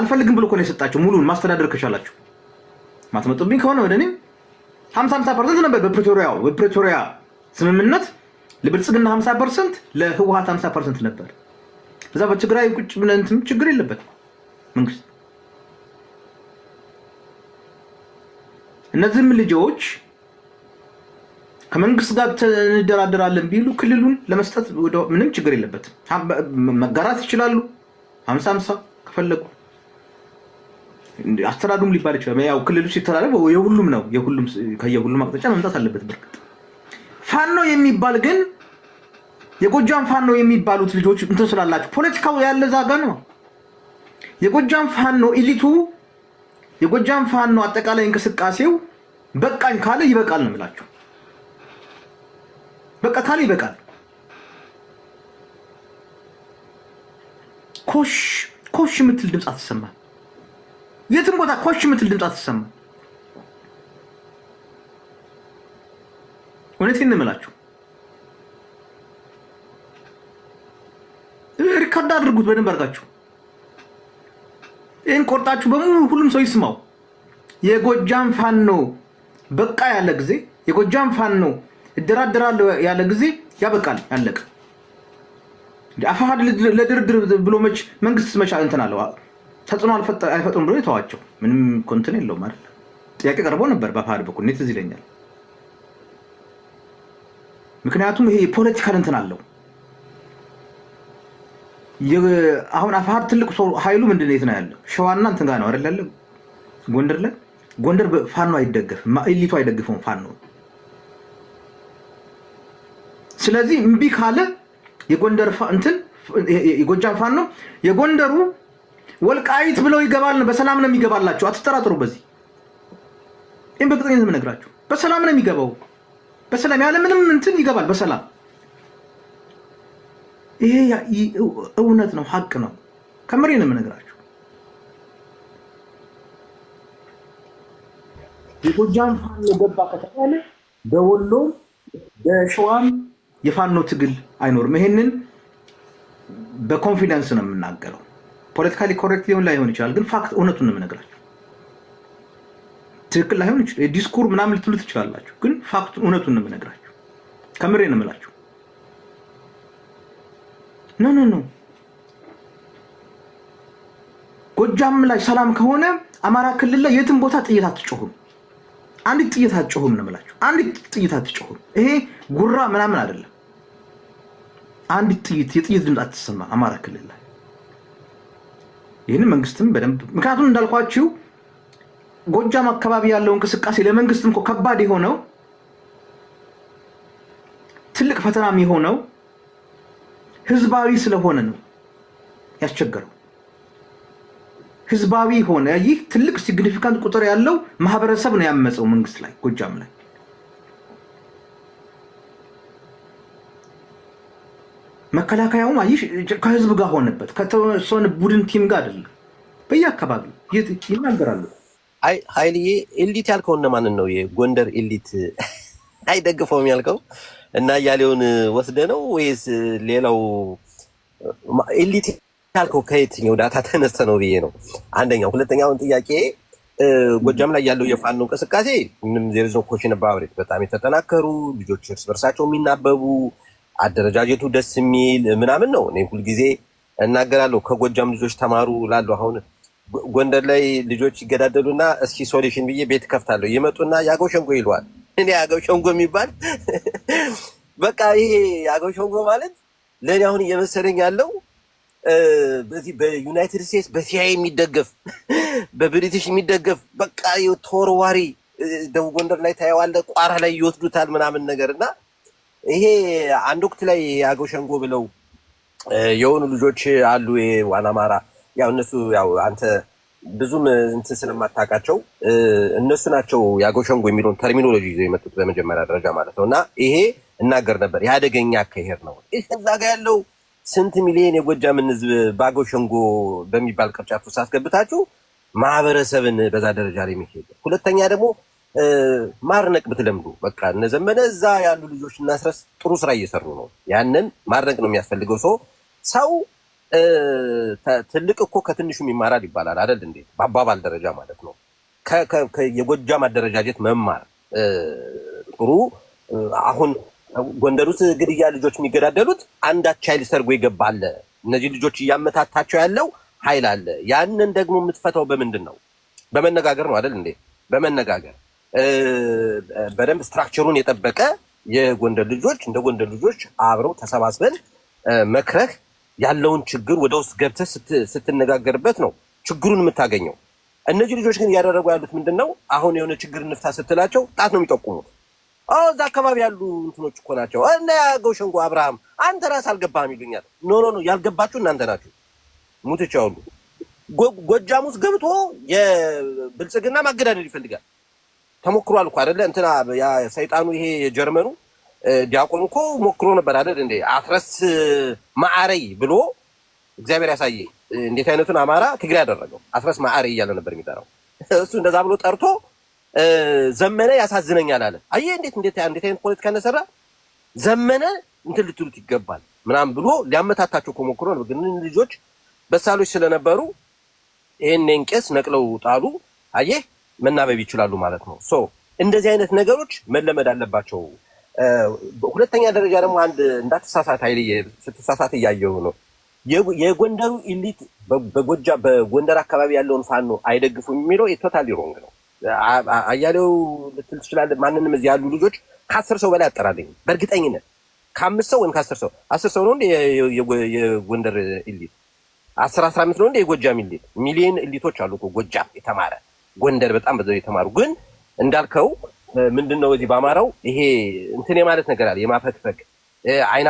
አልፈልግም ብሎ ከሆነ ነው የሰጣቸው። ሙሉን ማስተዳደር ከቻላችሁ ማትመጡብኝ ከሆነ ወደ እኔ ሀምሳ ሀምሳ ፐርሰንት ነበር በፕሪቶሪያው በፕሪቶሪያ ስምምነት ለብልጽግና ሀምሳ ፐርሰንት ለህወሀት ሀምሳ ፐርሰንት ነበር። እዛ በትግራይ ቁጭ ብለን እንትን ችግር የለበትም መንግስት። እነዚህም ልጆች ከመንግስት ጋር እንደራደራለን ቢሉ ክልሉን ለመስጠት ምንም ችግር የለበትም። መጋራት ይችላሉ ሀምሳ ሀምሳ ከፈለጉ አስተዳድሩም ሊባል ይችላል። ያው ክልሉ ሲተላለፍ የሁሉም ነው፣ ከየሁሉም አቅጣጫ መምጣት አለበት። በርግጥ ፋኖ የሚባል ግን የጎጃም ፋኖ የሚባሉት ልጆች እንትን ስላላቸው ፖለቲካው ያለ ዛጋ ነው። የጎጃም ፋኖ ኢሊቱ፣ የጎጃም ፋኖ አጠቃላይ እንቅስቃሴው በቃኝ ካለ ይበቃል ነው የምላቸው። በቃ ካለ ይበቃል። ኮሽ ኮሽ የምትል ድምፅ አትሰማም። የትም ቦታ ኮሽ የምትል ድምፅ አትሰማ። እውነት እንምላችሁ ሪከርድ አድርጉት በደንብ አድርጋችሁ ይህን ቆርጣችሁ በሙሉ ሁሉም ሰው ይስማው። የጎጃም ፋኖ በቃ ያለ ጊዜ የጎጃም ፋኖ እደራደራለሁ ያለ ጊዜ ያበቃል፣ ያለቀ አፋሃድ ለድርድር ብሎ መች መንግስት መቻል እንትን አለው ተጽዕኖ አይፈጥሩም ብሎ የተዋቸው ምንም እኮ እንትን የለውም አይደል? ጥያቄ ቀርቦ ነበር በፋድ በኩል እኔ ትዝ ይለኛል። ምክንያቱም ይሄ የፖለቲካል እንትን አለው። አሁን አፋር ትልቅ ሰው ኃይሉ ምንድን ነው? የት ነው ያለው? ሸዋና እንትን ጋር ነው አይደል ያለ ጎንደር ላይ ጎንደር ፋኖ አይደገፍም፣ ኢሊቱ አይደግፈውም ፋኖ። ስለዚህ እምቢ ካለ የጎንደር እንትን የጎጃም ፋኖ የጎንደሩ ወልቃይት ብለው ይገባል። በሰላም ነው የሚገባላችሁ፣ አትጠራጥሩ። በዚህ ይህም በእርግጠኝነት የምነግራችሁ በሰላም ነው የሚገባው። በሰላም ያለ ምንም እንትን ይገባል በሰላም ይሄ እውነት ነው፣ ሀቅ ነው። ከምሬ ነው የምነግራችሁ። የጎጃም ፋኖ ገባ ከተባለ በወሎ በሸዋም የፋኖ ትግል አይኖርም። ይሄንን በኮንፊደንስ ነው የምናገረው። ፖለቲካሊ ኮሬክት ሊሆን ላይሆን ይችላል፣ ግን ፋክት እውነቱን ነው የምነግራችሁ። ትክክል ላይሆን ይችላል፣ ዲስኩር ምናምን ልትሉ ትችላላችሁ፣ ግን ፋክቱን እውነቱን ነው የምነግራችሁ። ከምሬ ነው የምላችሁ። ኖ ኖ ኖ ጎጃም ላይ ሰላም ከሆነ አማራ ክልል ላይ የትም ቦታ ጥይት አትጮሁም። አንዲት ጥይት አትጮሁም ነው የምላችሁ። አንዲት ጥይት አትጮሁም። ይሄ ጉራ ምናምን አይደለም። አንዲት ጥይት የጥይት ድምፅ አትሰማ አማራ ክልል ላይ ይህን መንግስትም በደንብ ምክንያቱም እንዳልኳችሁ ጎጃም አካባቢ ያለው እንቅስቃሴ ለመንግስትም እኮ ከባድ የሆነው ትልቅ ፈተናም የሆነው ህዝባዊ ስለሆነ ነው ያስቸገረው። ህዝባዊ ሆነ ይህ ትልቅ ሲግኒፊካንት ቁጥር ያለው ማህበረሰብ ነው ያመፀው መንግስት ላይ ጎጃም ላይ መከላከያውም አይሽ ከህዝብ ጋር ሆነበት ከተወሰነ ቡድን ቲም ጋር አይደለም። በየአካባቢው ይናገራሉ። ሀይልዬ ኤሊት ያልከው እነማንን ነው? የጎንደር ኤሊት አይደግፈውም ያልከው እና እያሌውን ወስደ ነው ወይስ ሌላው ኤሊት ያልከው ከየትኛው ዳታ ተነስተ ነው ብዬ ነው። አንደኛው ሁለተኛውን ጥያቄ ጎጃም ላይ ያለው የፋኖ እንቅስቃሴ ምንም ዜርዞ ኮሽን ባብሬት በጣም የተጠናከሩ ልጆች እርስ በርሳቸው የሚናበቡ አደረጃጀቱ ደስ የሚል ምናምን ነው። እኔ ሁልጊዜ እናገራለሁ ከጎጃም ልጆች ተማሩ ላሉ አሁን ጎንደር ላይ ልጆች ይገዳደሉና እስኪ ሶሉሽን ብዬ ቤት ከፍታለሁ። ይመጡና የአገው ሸንጎ ይለዋል። እኔ የአገው ሸንጎ የሚባል በቃ ይሄ የአገው ሸንጎ ማለት ለእኔ አሁን እየመሰለኝ ያለው በዚህ በዩናይትድ ስቴትስ በሲአይኤ የሚደገፍ በብሪቲሽ የሚደገፍ በቃ ተወርዋሪ ደቡብ ጎንደር ላይ ታየዋለ፣ ቋራ ላይ ይወስዱታል ምናምን ነገር እና ይሄ አንድ ወቅት ላይ አገው ሸንጎ ብለው የሆኑ ልጆች አሉ። ዋና አማራ ያው እነሱ ያው አንተ ብዙም እንትን ስለማታውቃቸው እነሱ ናቸው የአገው ሸንጎ የሚለውን ተርሚኖሎጂ ይዘው የመጡት በመጀመሪያ ደረጃ ማለት ነው። እና ይሄ እናገር ነበር የአደገኛ አካሄድ ነው። እዛ ጋ ያለው ስንት ሚሊዮን የጎጃምን ህዝብ በአገው ሸንጎ በሚባል ቅርጫት ውስጥ አስገብታችሁ ማህበረሰብን በዛ ደረጃ ላይ የሚሄድ ሁለተኛ ደግሞ ማድነቅ ብትለምዱ በቃ እነ ዘመነ እዛ ያሉ ልጆች እና ስረስ ጥሩ ስራ እየሰሩ ነው። ያንን ማድነቅ ነው የሚያስፈልገው። ሰው ሰው ትልቅ እኮ ከትንሹም ይማራል ይባላል አይደል? እንዴት በአባባል ደረጃ ማለት ነው። የጎጃም አደረጃጀት መማር ጥሩ። አሁን ጎንደር ውስጥ ግድያ ልጆች የሚገዳደሉት አንዳች ኃይል ሰርጎ ይገባለ። እነዚህ ልጆች እያመታታቸው ያለው ኃይል አለ። ያንን ደግሞ የምትፈታው በምንድን ነው? በመነጋገር ነው አይደል እንዴ? በመነጋገር በደንብ ስትራክቸሩን የጠበቀ የጎንደር ልጆች እንደ ጎንደር ልጆች አብረው ተሰባስበን መክረህ ያለውን ችግር ወደ ውስጥ ገብተህ ስትነጋገርበት ነው ችግሩን የምታገኘው። እነዚህ ልጆች ግን እያደረጉ ያሉት ምንድን ነው? አሁን የሆነ ችግር እንፍታ ስትላቸው ጣት ነው የሚጠቁሙት። እዛ አካባቢ ያሉ እንትኖች እኮ ናቸው እና ያገው ሸንጎ አብርሃም፣ አንተ ራስ አልገባህም ይሉኛል። ኖ ኖ ኖ፣ ያልገባችሁ እናንተ ናችሁ። ሙትቻ ሁሉ ጎጃም ውስጥ ገብቶ የብልጽግና ማገዳደል ይፈልጋል። ተሞክሯል እኮ አይደለ? እንትና ሰይጣኑ ይሄ የጀርመኑ ዲያቆን እኮ ሞክሮ ነበር አይደል? እንደ አትረስ ማዕረይ ብሎ እግዚአብሔር ያሳየ እንዴት አይነቱን አማራ ትግሬ ያደረገው አትረስ ማዕረይ እያለ ነበር የሚጠራው። እሱ እንደዛ ብሎ ጠርቶ ዘመነ ያሳዝነኛል አለ። አየ እንዴት እንዴት አይነት ፖለቲካ እንደሰራ ዘመነ እንትን ልትሉት ይገባል ምናምን ብሎ ሊያመታታቸው እኮ ሞክሮ ነበር። ግን ልጆች በሳሎች ስለነበሩ ይህን ቄስ ነቅለው ጣሉ። አየህ መናበብ ይችላሉ ማለት ነው። ሶ እንደዚህ አይነት ነገሮች መለመድ አለባቸው። ሁለተኛ ደረጃ ደግሞ አንድ እንዳትሳሳት ኃይል ስትሳሳት እያየው ነው። የጎንደሩ ኢሊት በጎጃ በጎንደር አካባቢ ያለውን ፋኖ አይደግፉም የሚለው ቶታሊ ሮንግ ነው። አያሌው ልትል ትችላለህ። ማንንም እዚህ ያሉ ልጆች ከአስር ሰው በላይ አጠራለኝ በእርግጠኝነት ከአምስት ሰው ወይም ከአስር ሰው አስር ሰው ነው እንደ የጎንደር ኢሊት አስር አስራ አምስት ነው እንደ የጎጃም ኢሊት ሚሊየን ኢሊቶች አሉ ጎጃም የተማረ ጎንደር በጣም በዛው የተማሩ ግን እንዳልከው ምንድን ነው እዚህ በአማራው ይሄ እንትን የማለት ነገር አለ። የማፈግፈግ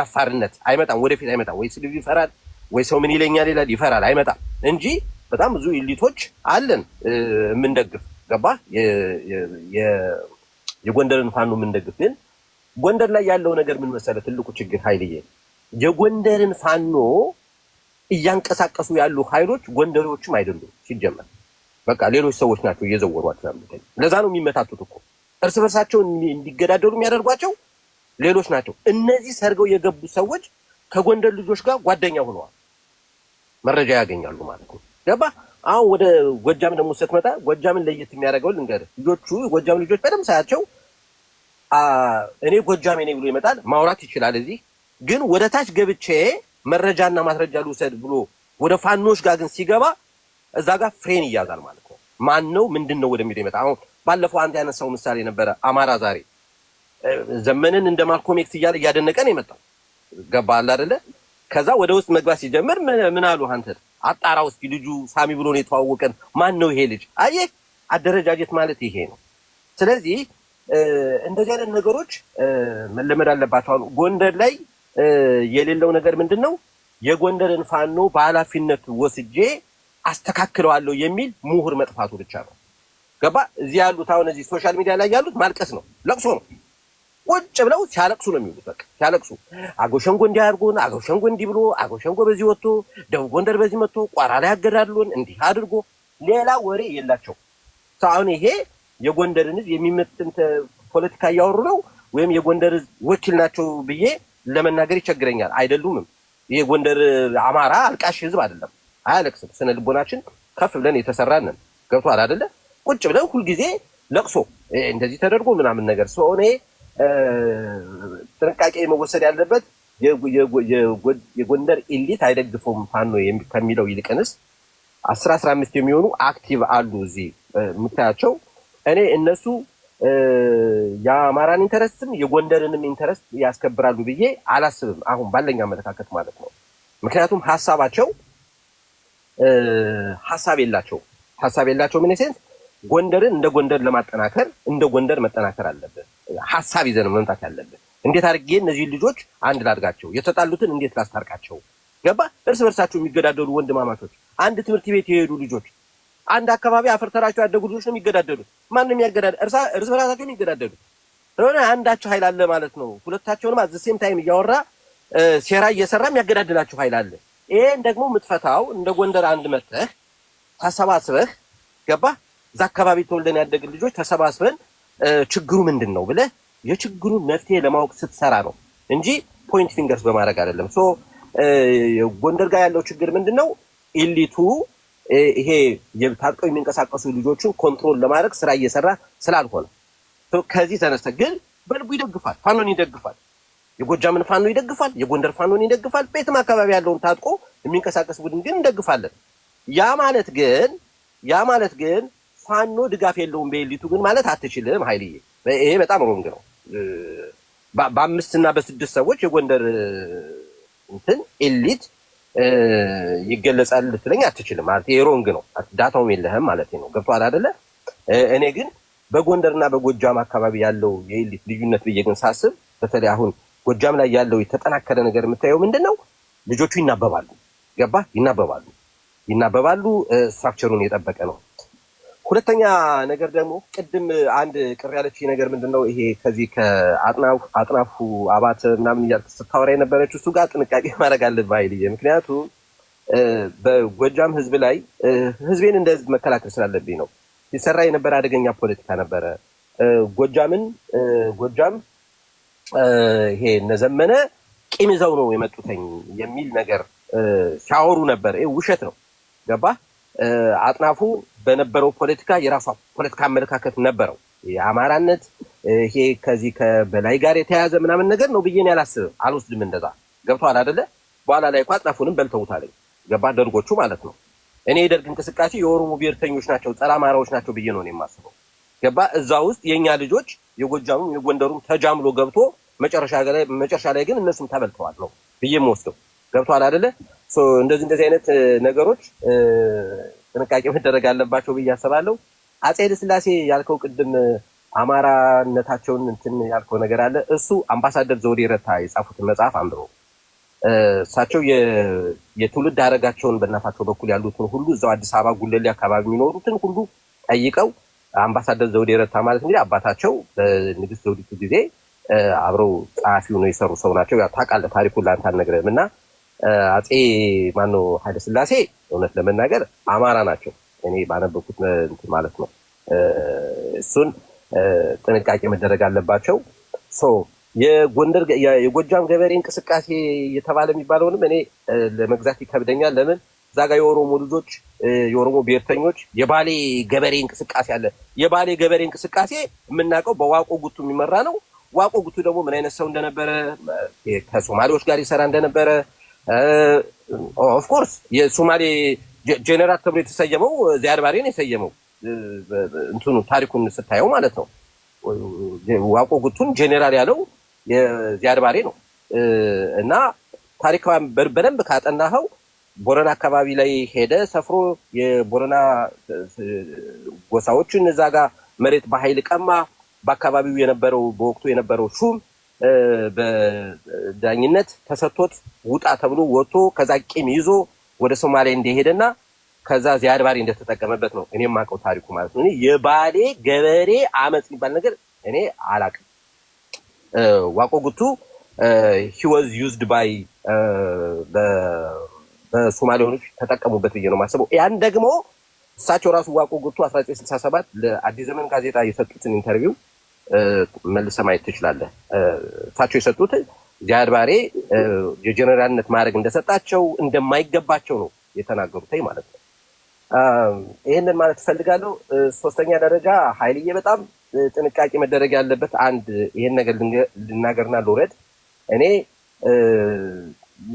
አፋርነት አይመጣም፣ ወደፊት አይመጣም። ወይ ስድብ ይፈራል፣ ወይ ሰው ምን ይለኛል ይላል፣ ይፈራል፣ አይመጣም እንጂ በጣም ብዙ ኢሊቶች አለን የምንደግፍ ገባ የጎንደርን ፋኖ የምንደግፍ ግን ጎንደር ላይ ያለው ነገር ምን መሰለ ትልቁ ችግር ኃይልዬ የጎንደርን ፋኖ እያንቀሳቀሱ ያሉ ኃይሎች ጎንደሮችም አይደሉም ሲጀመር በቃ ሌሎች ሰዎች ናቸው እየዘወሯቸው ያሉት። ለዛ ነው የሚመታቱት እኮ እርስ በርሳቸውን እንዲገዳደሉ የሚያደርጓቸው ሌሎች ናቸው። እነዚህ ሰርገው የገቡት ሰዎች ከጎንደር ልጆች ጋር ጓደኛ ሆነዋል። መረጃ ያገኛሉ ማለት ነው። ገባ አሁን ወደ ጎጃም ደግሞ ስትመጣ ጎጃምን ለየት የሚያደርገው ልንገር፣ ልጆቹ ጎጃም ልጆች በደምብ ሳያቸው እኔ ጎጃሜ ነኝ ብሎ ይመጣል። ማውራት ይችላል። እዚህ ግን ወደ ታች ገብቼ መረጃና ማስረጃ ልውሰድ ብሎ ወደ ፋኖች ጋር ግን ሲገባ እዛ ጋር ፍሬን ይያዛል ማለት ነው። ማን ነው ምንድን ነው ወደሚለው ይመጣ። አሁን ባለፈው አንተ ያነሳው ምሳሌ ነበረ። አማራ ዛሬ ዘመንን እንደ ማልኮም ኤክስ እያለ እያደነቀ ነው የመጣው። ገባ አለ አደለ? ከዛ ወደ ውስጥ መግባት ሲጀምር ምን አሉ አንተ አጣራ ውስጥ ልጁ ሳሚ ብሎ ነው የተዋወቀን። ማን ነው ይሄ ልጅ? አየህ፣ አደረጃጀት ማለት ይሄ ነው። ስለዚህ እንደዚህ አይነት ነገሮች መለመድ አለባቸው። አሁን ጎንደር ላይ የሌለው ነገር ምንድን ነው? የጎንደርን ፋኖ በኃላፊነት ወስጄ አስተካክለዋለሁ የሚል ምሁር መጥፋቱ ብቻ ነው። ገባ? እዚህ ያሉት አሁን እዚህ ሶሻል ሚዲያ ላይ ያሉት ማልቀስ ነው፣ ለቅሶ ነው። ቁጭ ብለው ሲያለቅሱ ነው የሚሉት። በቃ ሲያለቅሱ አጎሸንጎ ሸንጎ አጎሸንጎ እንዲህ ብሎ፣ አጎሸንጎ በዚህ ወጥቶ፣ ደቡብ ጎንደር በዚህ መጥቶ፣ ቋራ ላይ ያገዳሉን እንዲህ አድርጎ፣ ሌላ ወሬ የላቸው። አሁን ይሄ የጎንደርን ህዝብ የሚመጥን ፖለቲካ እያወሩ ነው ወይም የጎንደር ህዝብ ወኪል ናቸው ብዬ ለመናገር ይቸግረኛል። አይደሉምም። ይሄ ጎንደር አማራ አልቃሽ ህዝብ አይደለም። አያለቅስም። ስነ ልቦናችን ከፍ ብለን የተሰራንን ገብቷል አደለ? ቁጭ ብለን ሁልጊዜ ለቅሶ እንደዚህ ተደርጎ ምናምን ነገር ስለሆነ ጥንቃቄ መወሰድ ያለበት የጎንደር ኤሊት አይደግፈውም ፋኖ ከሚለው ይልቅንስ አስራ አስራ አምስት የሚሆኑ አክቲቭ አሉ እዚህ የምታያቸው። እኔ እነሱ የአማራን ኢንተረስትም የጎንደርንም ኢንተረስት ያስከብራሉ ብዬ አላስብም፣ አሁን ባለኝ አመለካከት ማለት ነው። ምክንያቱም ሀሳባቸው ሀሳብ የላቸው ሀሳብ የላቸው ምን ሴንስ ጎንደርን እንደ ጎንደር ለማጠናከር እንደ ጎንደር መጠናከር አለብን። ሀሳብ ይዘን መምጣት ያለብን እንዴት አድርጌ እነዚህን ልጆች አንድ ላድርጋቸው፣ የተጣሉትን እንዴት ላስታርቃቸው። ገባ እርስ በርሳቸው የሚገዳደሉ ወንድማማቾች፣ አንድ ትምህርት ቤት የሄዱ ልጆች፣ አንድ አካባቢ አፈርተራቸው ያደጉ ልጆች ነው የሚገዳደሉት። ማንም ያገዳ እርስ በርሳቸው የሚገዳደሉት ስለሆነ አንዳቸው ኃይል አለ ማለት ነው። ሁለታቸውንም አዘሴም ታይም እያወራ ሴራ እየሰራ የሚያገዳድላቸው ኃይል አለ። ይሄን ደግሞ የምትፈታው እንደ ጎንደር አንድ መጥተህ ተሰባስበህ ገባ እዛ አካባቢ ተወልደን ያደግን ልጆች ተሰባስበን ችግሩ ምንድን ነው ብለህ የችግሩን መፍትሄ ለማወቅ ስትሰራ ነው እንጂ ፖይንት ፊንገርስ በማድረግ አይደለም። ሶ ጎንደር ጋር ያለው ችግር ምንድን ነው? ኢሊቱ ይሄ ታጥቀው የሚንቀሳቀሱ ልጆችን ኮንትሮል ለማድረግ ስራ እየሰራ ስላልሆነ ከዚህ ተነስተ ግን በልቡ ይደግፋል፣ ፋኖን ይደግፋል። የጎጃምን ፋኖ ይደግፋል፣ የጎንደር ፋኖን ይደግፋል። ቤትም አካባቢ ያለውን ታጥቆ የሚንቀሳቀስ ቡድን ግን እንደግፋለን። ያ ማለት ግን ያ ማለት ግን ፋኖ ድጋፍ የለውም በኤሊቱ ግን ማለት አትችልም። ኃይልዬ ይሄ በጣም ሮንግ ነው። በአምስት እና በስድስት ሰዎች የጎንደር እንትን ኤሊት ይገለጻል ልትለኝ አትችልም ማለት ይሄ ሮንግ ነው። ዳታውም የለህም ማለት ነው። ገብቶሃል አይደለ? እኔ ግን በጎንደርና በጎጃም አካባቢ ያለው የኤሊት ልዩነት ብዬ ግን ሳስብ በተለይ አሁን ጎጃም ላይ ያለው የተጠናከረ ነገር የምታየው ምንድን ነው? ልጆቹ ይናበባሉ። ገባ? ይናበባሉ፣ ይናበባሉ። ስትራክቸሩን የጠበቀ ነው። ሁለተኛ ነገር ደግሞ ቅድም አንድ ቅር ያለች ነገር ምንድን ነው ይሄ ከዚህ ከአጥናፉ አባተ ምናምን እያልክ ስታወራ የነበረችው እሱ ጋር ጥንቃቄ ማድረግ አለብህ ሀይልዬ። ምክንያቱም በጎጃም ህዝብ ላይ ህዝቤን እንደ ህዝብ መከላከል ስላለብኝ ነው። ሲሰራ የነበረ አደገኛ ፖለቲካ ነበረ። ጎጃምን ጎጃም ይሄ እነዘመነ ቂም ይዘው ነው የመጡተኝ የሚል ነገር ሲያወሩ ነበር። ይሄ ውሸት ነው። ገባ አጥናፉ በነበረው ፖለቲካ የራሷ ፖለቲካ አመለካከት ነበረው። የአማራነት ይሄ ከዚህ ከበላይ ጋር የተያያዘ ምናምን ነገር ነው ብዬን ያላስብም አልወስድም። እንደዛ ገብተዋል አደለ? በኋላ ላይ እኮ አጥናፉንም በልተውታለኝ። ገባ ደርጎቹ ማለት ነው። እኔ የደርግ እንቅስቃሴ የኦሮሞ ብሔርተኞች ናቸው፣ ጸረ አማራዎች ናቸው ብዬ ነው የማስበው። ገባ እዛ ውስጥ የእኛ ልጆች የጎጃሙም የጎንደሩም ተጃምሎ ገብቶ መጨረሻ ላይ ግን እነሱም ተበልተዋል ነው ብዬ የምወስደው። ገብተዋል አደለ? እንደዚህ እንደዚህ አይነት ነገሮች ጥንቃቄ መደረግ አለባቸው ብዬ አስባለሁ። አፄ ኃይለሥላሴ ያልከው ቅድም አማራነታቸውን እንትን ያልከው ነገር አለ። እሱ አምባሳደር ዘውዴ ረታ የጻፉትን መጽሐፍ አንብሮ እሳቸው የትውልድ አረጋቸውን በእናታቸው በኩል ያሉትን ሁሉ እዛው አዲስ አበባ ጉለሌ አካባቢ የሚኖሩትን ሁሉ ጠይቀው አምባሳደር ዘውዴ ረታ ማለት እንግዲህ አባታቸው በንግስት ዘውዲቱ ጊዜ አብረው ጸሐፊው ነው የሰሩ ሰው ናቸው። ታውቃለህ፣ ታሪኩን ለአንተ አልነግረህም እና አጼ ማነው ኃይለ ስላሴ እውነት ለመናገር አማራ ናቸው። እኔ ባነበኩት ማለት ነው። እሱን ጥንቃቄ መደረግ አለባቸው። የጎንደር የጎጃም ገበሬ እንቅስቃሴ የተባለ የሚባለውንም እኔ ለመግዛት ይከብደኛል። ለምን እዛ ጋር የኦሮሞ ልጆች የኦሮሞ ብሔርተኞች የባሌ ገበሬ እንቅስቃሴ አለ። የባሌ ገበሬ እንቅስቃሴ የምናውቀው በዋቆ ጉቱ የሚመራ ነው። ዋቆ ጉቱ ደግሞ ምን አይነት ሰው እንደነበረ ከሶማሌዎች ጋር ይሰራ እንደነበረ ኦፍኮርስ የሶማሌ ጄኔራል ተብሎ የተሰየመው ዚያድባሬ ነው የሰየመው። እንትኑ ታሪኩን ስታየው ማለት ነው። ዋቆ ጉቱን ጄኔራል ያለው የዚያድባሬ ነው እና ታሪካዊ በደንብ ካጠናኸው ቦረና አካባቢ ላይ ሄደ ሰፍሮ የቦረና ጎሳዎቹን እዛ ጋር መሬት በኃይል ቀማ። በአካባቢው የነበረው በወቅቱ የነበረው ሹም በዳኝነት ተሰጥቶት ውጣ ተብሎ ወጥቶ ከዛ ቂም ይዞ ወደ ሶማሊያ እንደሄደና ከዛ ዚያድ ባሬ እንደተጠቀመበት ነው እኔ የማውቀው ታሪኩ ማለት ነው። የባሌ ገበሬ አመፅ የሚባል ነገር እኔ አላቅም ዋቆ ጉቱ ሂ ወዝ ዩዝድ ባይ በሶማሌ ተጠቀሙበት ብዬ ነው የማስበው። ያን ደግሞ እሳቸው ራሱ ዋቆ ጎቱ 1967 ለአዲስ ዘመን ጋዜጣ የሰጡትን ኢንተርቪው መልሰ ማየት ትችላለህ። እሳቸው የሰጡት ዚያድ ባሬ የጀኔራልነት ማድረግ እንደሰጣቸው እንደማይገባቸው ነው የተናገሩት ማለት ነው። ይህንን ማለት ትፈልጋለሁ። ሶስተኛ ደረጃ ኃይልዬ በጣም ጥንቃቄ መደረግ ያለበት አንድ ይህን ነገር ልናገርና ልውረድ እኔ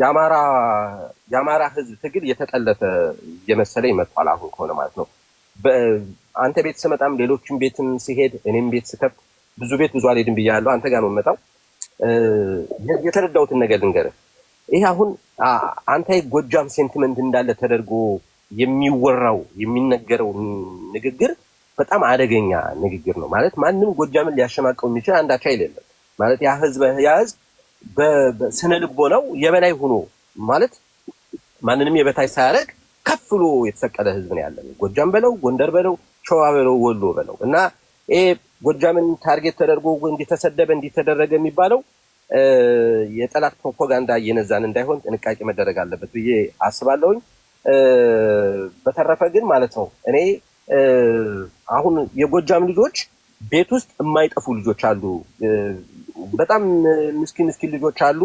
የአማራ ህዝብ ትግል የተጠለፈ እየመሰለኝ መጥቷል። አሁን ከሆነ ማለት ነው አንተ ቤት ስመጣም ሌሎችም ቤትም ሲሄድ እኔም ቤት ስከፍት ብዙ ቤት ብዙ አልሄድም ብያለሁ። አንተ ጋር ነው የምመጣው። የተረዳሁትን ነገር ልንገርህ። ይሄ አሁን አንተ ጎጃም ሴንቲመንት እንዳለ ተደርጎ የሚወራው የሚነገረው ንግግር በጣም አደገኛ ንግግር ነው። ማለት ማንም ጎጃምን ሊያሸማቀው የሚችል አንዳች አይደለም። ማለት ያ ህዝብ በስነ ልቦናው የበላይ ሆኖ ማለት ማንንም የበታች ሳያደርግ ከፍ ብሎ የተሰቀለ ህዝብ ነው ያለን። ጎጃም በለው ጎንደር በለው ሸዋ በለው ወሎ በለው እና ይሄ ጎጃምን ታርጌት ተደርጎ እንዲተሰደበ እንዲተደረገ የሚባለው የጠላት ፕሮፓጋንዳ እየነዛን እንዳይሆን ጥንቃቄ መደረግ አለበት ብዬ አስባለሁኝ። በተረፈ ግን ማለት ነው እኔ አሁን የጎጃም ልጆች ቤት ውስጥ የማይጠፉ ልጆች አሉ። በጣም ምስኪን ምስኪን ልጆች አሉ።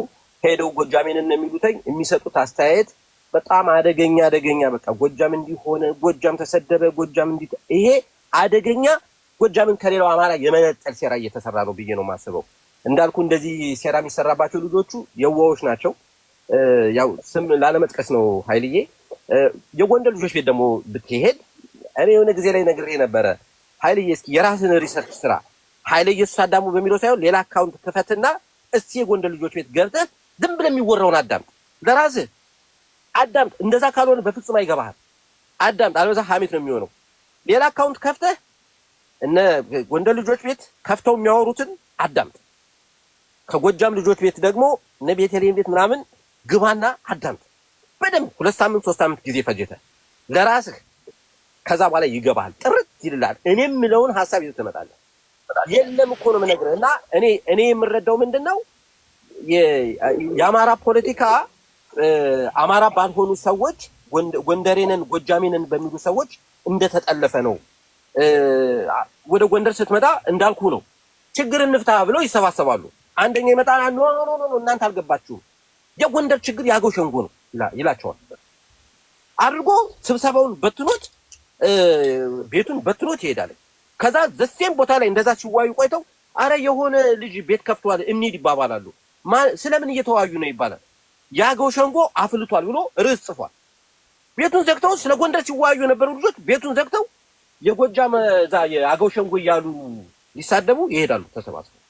ሄደው ጎጃሜንን የሚሉተኝ የሚሰጡት አስተያየት በጣም አደገኛ አደገኛ። በቃ ጎጃም እንዲሆነ፣ ጎጃም ተሰደበ፣ ጎጃም እንዲ ይሄ አደገኛ ጎጃምን ከሌላው አማራ የመነጠል ሴራ እየተሰራ ነው ብዬ ነው የማስበው። እንዳልኩ እንደዚህ ሴራ የሚሰራባቸው ልጆቹ የዋዎች ናቸው። ያው ስም ላለመጥቀስ ነው ኃይልዬ። የጎንደር ልጆች ቤት ደግሞ ብትሄድ እኔ የሆነ ጊዜ ላይ ነግሬ ነበረ ኃይለ እስኪ የራስን ሪሰርች ስራ ኃይለ ኢየሱስ አዳሙ በሚለው ሳይሆን ሌላ አካውንት ክፈትና እስቲ የጎንደር ልጆች ቤት ገብተህ ዝም ብለህ የሚወራውን አዳምጥ፣ ለራስህ አዳምጥ። እንደዛ ካልሆነ በፍጹም አይገባህም። አዳምጥ፣ አለበዛ ሀሜት ነው የሚሆነው። ሌላ አካውንት ከፍተህ እነ ጎንደር ልጆች ቤት ከፍተው የሚያወሩትን አዳምጥ። ከጎጃም ልጆች ቤት ደግሞ እነ ቤተልሔም ቤት ምናምን ግባና አዳምጥ በደንብ ሁለት ሳምንት ሶስት ሳምንት ጊዜ ፈጀተ ለራስህ። ከዛ በኋላ ይገባሃል ጥርት ይልላል። እኔ የምለውን ሀሳብ ይዘህ ትመጣለህ። የለም እኮ ነው የምነግርህ። እና እኔ እኔ የምረዳው ምንድን ነው የአማራ ፖለቲካ አማራ ባልሆኑ ሰዎች ጎንደሬንን ጎጃሜንን በሚሉ ሰዎች እንደተጠለፈ ነው። ወደ ጎንደር ስትመጣ እንዳልኩ ነው። ችግር እንፍታ ብለው ይሰባሰባሉ። አንደኛ ይመጣል። ኖ ኖ ኖ እናንተ አልገባችሁም፣ የጎንደር ችግር የአገው ሸንጎ ነው ይላቸዋል አድርጎ ስብሰባውን በትኖት ቤቱን በትኖት ይሄዳል። ከዛ ዘሴም ቦታ ላይ እንደዛ ሲዋዩ ቆይተው አረ የሆነ ልጅ ቤት ከፍቷል እንሂድ ይባባላሉ። ስለምን እየተዋዩ ነው ይባላል። የአገው ሸንጎ አፍልቷል ብሎ ርዕስ ጽፏል። ቤቱን ዘግተው ስለ ጎንደር ሲዋዩ የነበሩ ልጆች ቤቱን ዘግተው የጎጃም እዛ የአገው ሸንጎ እያሉ ሊሳደቡ ይሄዳሉ ተሰባስበው።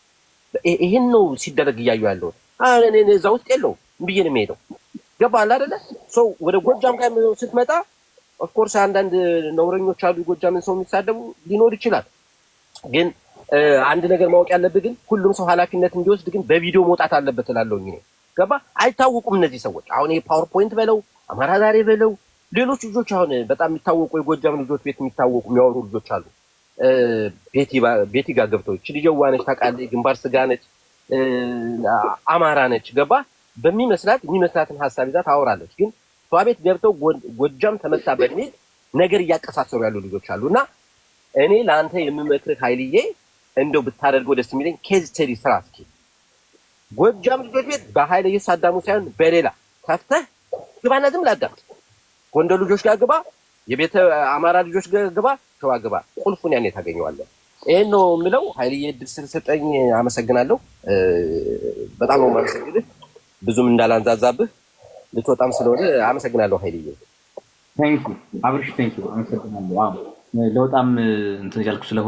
ይህን ነው ሲደረግ እያዩ ያለው። እዛ ውስጥ የለው ብዬ ነው የሚሄደው። ገባህ ሰው ወደ ጎጃም ጋር ስትመጣ ኦፍኮርስ አንዳንድ ነውረኞች አሉ፣ የጎጃምን ሰው የሚሳደቡ ሊኖር ይችላል። ግን አንድ ነገር ማወቅ ያለብህ ግን ሁሉም ሰው ኃላፊነት እንዲወስድ ግን በቪዲዮ መውጣት አለበት እላለሁ። እኔ ገባ አይታወቁም እነዚህ ሰዎች። አሁን ይሄ ፓወርፖይንት በለው አማራ ዛሬ በለው ሌሎች ልጆች አሁን በጣም የሚታወቁ የጎጃም ልጆች ቤት የሚታወቁ የሚያወሩ ልጆች አሉ። ቤቲ ጋር ገብተው እች ልጀዋ ነች ታውቃለህ፣ ግንባር ስጋ ነች፣ አማራ ነች። ገባ በሚመስላት የሚመስላትን ሀሳብ ይዛ ታወራለች ግን ሸዋ ቤት ገብተው ጎጃም ተመታ በሚል ነገር እያቀሳሰሩ ያሉ ልጆች አሉ እና እኔ ለአንተ የምመክርህ ኃይልዬ እንደው ብታደርገው ደስ የሚለኝ ኬዝ ስተዲ ስራ እስኪ ጎጃም ልጆች ቤት በኃይለ ኢየሱስ አዳሙ ሳይሆን በሌላ ከፍተህ ግባና ዝም ላዳምጥ። ጎንደር ልጆች ጋር ግባ፣ የቤተ አማራ ልጆች ጋር ግባ፣ ሸዋ ግባ። ቁልፉን ያኔ ታገኘዋለህ። ይህን ነው የምለው። ኃይልዬ እድል ስለሰጠኝ አመሰግናለሁ። በጣም ነው የማመሰግንህ። ብዙም እንዳላንዛዛብህ ልትወጣም ስለሆነ አመሰግናለሁ ኃይልዬ። ታንኪ አብርሽ ታንኪ አመሰግናለሁ። ለወጣም እንትን ያልኩ ስለሆነ